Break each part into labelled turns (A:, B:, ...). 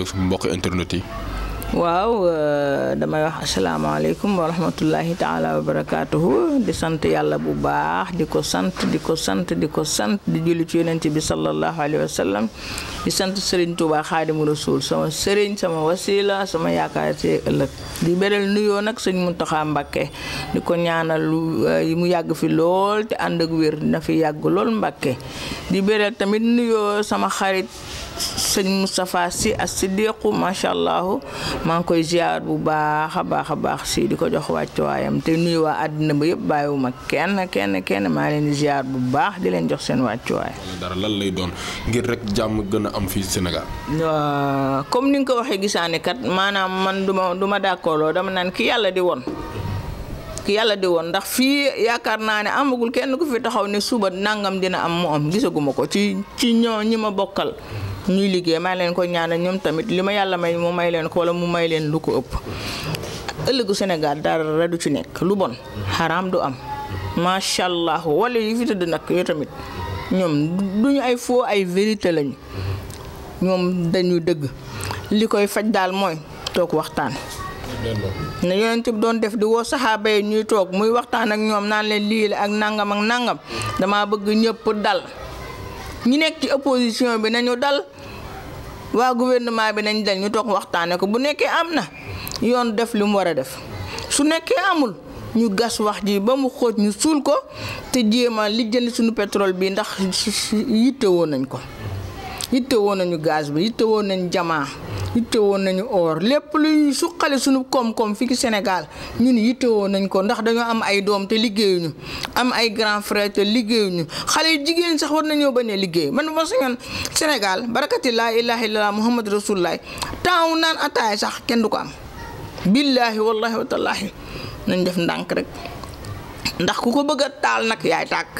A: nuyoo suñu mbokk internet yi. waaw euh, damay wax asalaamaaleykum wa rahmatullahi taala wa barakaatuhu di sant yàlla bu baax di ko sant di ko sant di ko sant di julli ci yonent bi sallallahu alayhi wa sallam di sant sëriñ Touba Xaadimu Rasuul sama Serigne sama wasila sama yaakaar see ëllëg di beral nuyoo nag sëñ Muntaxa Mbàkke di ko ñaanal euh, yi mu yàgg fi lool te ànd ak wér na fi yàgg lool Mbàkke di beral tamit nuyoo sama xarit. sëñ Moustapha Sy as Siddiqu macha allah maa ngi koy ziar bu baax a baax a baax si di ko jox wàccuwaayam te nuyu waa àddina ba yëpp bàyyiwuma kenn kenn kenn maa leen di ziar bu baax di leen jox seen wàccuwaay. dara lan lay doon ngir rek jàmm gën am fii Sénégal. comme ni nga ko waxee gisaane kat maanaam man du ma du ma d'accord dama naan ki yàlla di woon. ki yàlla di woon ndax fii yaakaar naa ne amagul kenn ku fi taxaw ne suba nangam dina am mu am gisaguma ko ci ci ñoo ñi ma bokkal. ñuy liggéey maa leen ko ñaanal ñoom tamit li ma yàlla may mu may leen ko la mu may leen lu ko ëpp ëllëgu Sénégal dara du ci nekk lu bon xaraam du am macha allah wala yi fi tëdd nag yoo tamit ñoom duñu ay faux ay vérité lañu ñoom dañu dëgg li koy faj daal mooy toog waxtaan ne doon def di woo ñuy toog muy waxtaan ak ñoom naan leen lii la ak nangam ak nangam dama bëgg ñëpp dal ñi nekk ci opposition bi nañu dal waa gouvernement bi nañ dal ñu toog waxtaane ko bu nekkee am na yoon def li mu war a def su nekkee amul ñu gas wax ji ba mu xóot ñu suul ko te jéem a lijjanti suñu petrol bi ndax yitte woon nañ ko yitte woon nañu gaz bi yitte woon nañ jamaa yitte woon nañu or lépp luy suqale suñu koom-koom fii senegaal Sénégal ñun yitte woon nañ ko ndax dañoo am ay doom te liggéeyuñu am ay grand frère te liggéeyuñu xale yu jigéen sax war nañoo ba ne liggéey man ma sañoon Sénégal barakati laa ilaaha illallaah Muhammad Rasulullah taaw naan ataaya sax kenn du ko am billaahi wallaahi wa nañ def ndànk rek ndax ku ko bëgg a taal nag yaay tàkk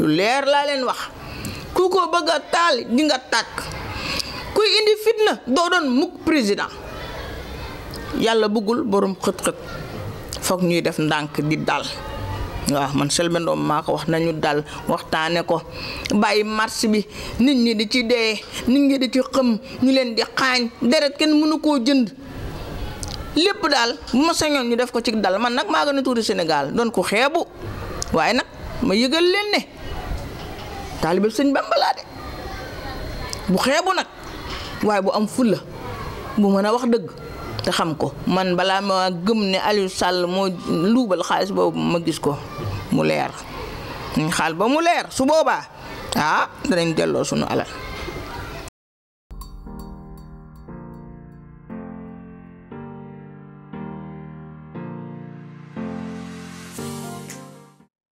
A: lu leer laa leen wax ku ko bëgg a taal di nga tàkk kuy indi fitna doo doon mukk président yàlla buggul boroom xët-xët foog ñuy def ndànk di dal waaw man Selbé Ndom maa ko wax nañu dal waxtaane ko bàyyi marche bi nit ñi di ci dee nit ñi di ci xëm ñu leen di xaañ deret kenn mënu koo jënd lépp daal bu ma sañoon ñu def ko ci dal man nag maa gën a tuuti Sénégal doon ko xeebu waaye nag ma yëgal leen ne taalibe sëñ Bamba de bu xeebu nag waaye bu am fulla bu mën a wax dëgg te xam ko man balaa ma gëm ne Aliou sàll moo luubal xaalis boobu ma gis ko mu leer ñu xaal ba mu leer su boobaa ah danañ delloo suñu alal